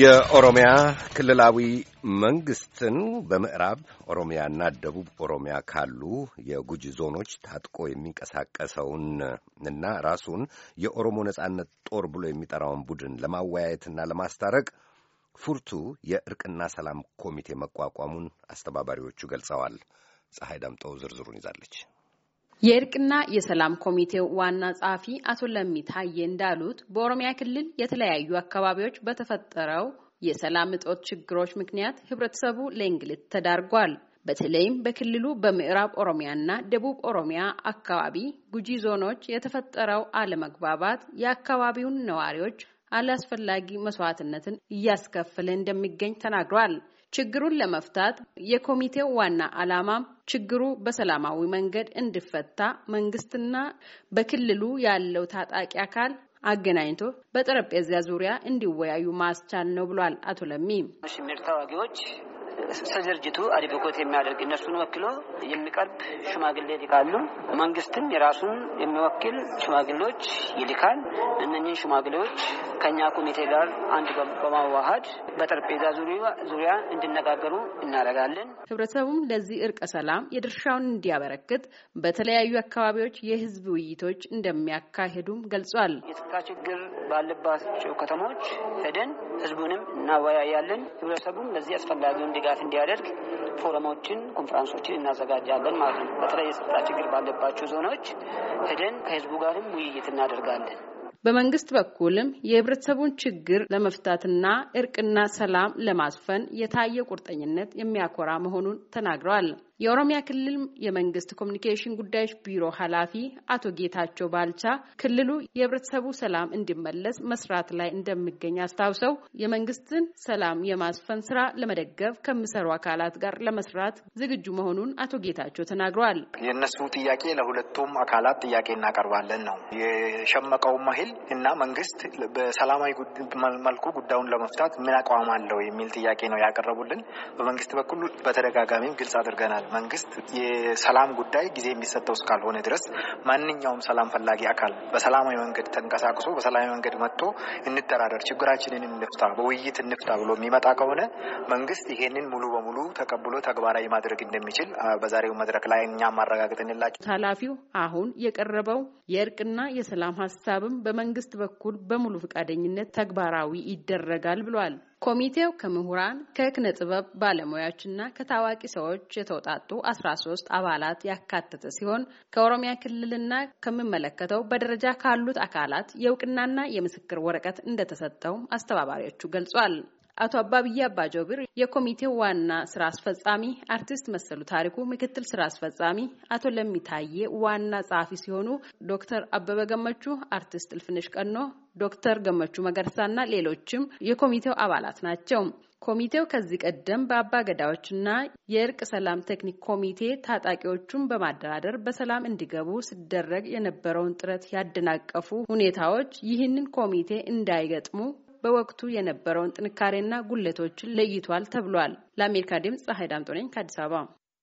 የኦሮሚያ ክልላዊ መንግስትን በምዕራብ ኦሮሚያና ደቡብ ኦሮሚያ ካሉ የጉጂ ዞኖች ታጥቆ የሚንቀሳቀሰውን እና ራሱን የኦሮሞ ነጻነት ጦር ብሎ የሚጠራውን ቡድን ለማወያየትና ለማስታረቅ ፉርቱ የእርቅና ሰላም ኮሚቴ መቋቋሙን አስተባባሪዎቹ ገልጸዋል። ፀሐይ ዳምጠው ዝርዝሩን ይዛለች። የእርቅና የሰላም ኮሚቴው ዋና ጸሐፊ አቶ ለሚታ ታዬ እንዳሉት በኦሮሚያ ክልል የተለያዩ አካባቢዎች በተፈጠረው የሰላም እጦት ችግሮች ምክንያት ህብረተሰቡ ለእንግልት ተዳርጓል። በተለይም በክልሉ በምዕራብ ኦሮሚያና ደቡብ ኦሮሚያ አካባቢ ጉጂ ዞኖች የተፈጠረው አለመግባባት የአካባቢውን ነዋሪዎች አላስፈላጊ መስዋዕትነትን እያስከፈለ እንደሚገኝ ተናግሯል። ችግሩን ለመፍታት የኮሚቴው ዋና ዓላማም ችግሩ በሰላማዊ መንገድ እንዲፈታ መንግስትና በክልሉ ያለው ታጣቂ አካል አገናኝቶ በጠረጴዛ ዙሪያ እንዲወያዩ ማስቻል ነው ብሏል አቶ ለሚ። ሽምር ተዋጊዎች ስዝርጅቱ አድቮኬት የሚያደርግ እነሱን ወክሎ የሚቀርብ ሽማግሌ ይልካሉ። መንግስትም የራሱን የሚወክል ሽማግሌዎች ይልካል። እነኚህን ሽማግሌዎች ከኛ ኮሚቴ ጋር አንድ በማዋሃድ በጠረጴዛ ዙሪያ እንዲነጋገሩ እናደርጋለን። ህብረተሰቡም ለዚህ እርቀ ሰላም የድርሻውን እንዲያበረክት በተለያዩ አካባቢዎች የህዝብ ውይይቶች እንደሚያካሄዱም ገልጿል። የጸጥታ ችግር ባለባቸው ከተሞች ሄደን ህዝቡንም እናወያያለን። ህብረተሰቡም ለዚህ አስፈላጊውን ድጋፍ ድጋፍ እንዲያደርግ ፎረሞችን፣ ኮንፈረንሶችን እናዘጋጃለን ማለት ነው። በተለይ የጸጥታ ችግር ባለባቸው ዞኖች ሄደን ከህዝቡ ጋርም ውይይት እናደርጋለን። በመንግስት በኩልም የህብረተሰቡን ችግር ለመፍታትና እርቅና ሰላም ለማስፈን የታየ ቁርጠኝነት የሚያኮራ መሆኑን ተናግረዋል። የኦሮሚያ ክልል የመንግስት ኮሚኒኬሽን ጉዳዮች ቢሮ ኃላፊ አቶ ጌታቸው ባልቻ ክልሉ የህብረተሰቡ ሰላም እንዲመለስ መስራት ላይ እንደሚገኝ አስታውሰው የመንግስትን ሰላም የማስፈን ስራ ለመደገፍ ከሚሰሩ አካላት ጋር ለመስራት ዝግጁ መሆኑን አቶ ጌታቸው ተናግረዋል። የእነሱ ጥያቄ ለሁለቱም አካላት ጥያቄ እናቀርባለን ነው የሸመቀውም ማህል እና መንግስት በሰላማዊ መልኩ ጉዳዩን ለመፍታት ምን አቋም አለው የሚል ጥያቄ ነው ያቀረቡልን። በመንግስት በኩል በተደጋጋሚም ግልጽ አድርገናል። መንግስት የሰላም ጉዳይ ጊዜ የሚሰጠው እስካልሆነ ድረስ ማንኛውም ሰላም ፈላጊ አካል በሰላማዊ መንገድ ተንቀሳቅሶ በሰላማዊ መንገድ መጥቶ እንደራደር፣ ችግራችንን እንፍታ፣ በውይይት እንፍታ ብሎ የሚመጣ ከሆነ መንግስት ይሄንን ሙሉ በሙሉ ተቀብሎ ተግባራዊ ማድረግ እንደሚችል በዛሬው መድረክ ላይ እኛም ማረጋገጥ እንላቸው። ኃላፊው አሁን የቀረበው የእርቅና የሰላም ሀሳብም በመንግስት በኩል በሙሉ ፈቃደኝነት ተግባራዊ ይደረጋል ብሏል። ኮሚቴው ከምሁራን ከኪነ ጥበብ ባለሙያዎችና ከታዋቂ ሰዎች የተውጣጡ አስራ ሶስት አባላት ያካተተ ሲሆን ከኦሮሚያ ክልልና ከሚመለከተው በደረጃ ካሉት አካላት የእውቅናና የምስክር ወረቀት እንደተሰጠው አስተባባሪዎቹ ገልጿል። አቶ አባብዬ አባጆብር የኮሚቴው ዋና ስራ አስፈጻሚ፣ አርቲስት መሰሉ ታሪኩ ምክትል ስራ አስፈጻሚ፣ አቶ ለሚታዬ ዋና ጸሐፊ ሲሆኑ ዶክተር አበበ ገመቹ፣ አርቲስት እልፍነሽ ቀኖ፣ ዶክተር ገመቹ መገርሳና ሌሎችም የኮሚቴው አባላት ናቸው። ኮሚቴው ከዚህ ቀደም በአባ ገዳዎችና የእርቅ ሰላም ቴክኒክ ኮሚቴ ታጣቂዎቹን በማደራደር በሰላም እንዲገቡ ሲደረግ የነበረውን ጥረት ያደናቀፉ ሁኔታዎች ይህንን ኮሚቴ እንዳይገጥሙ በወቅቱ የነበረውን ጥንካሬና ጉለቶችን ለይቷል ተብሏል። ለአሜሪካ ድምፅ ፀሐይ ዳምጦ ነኝ ከአዲስ አበባ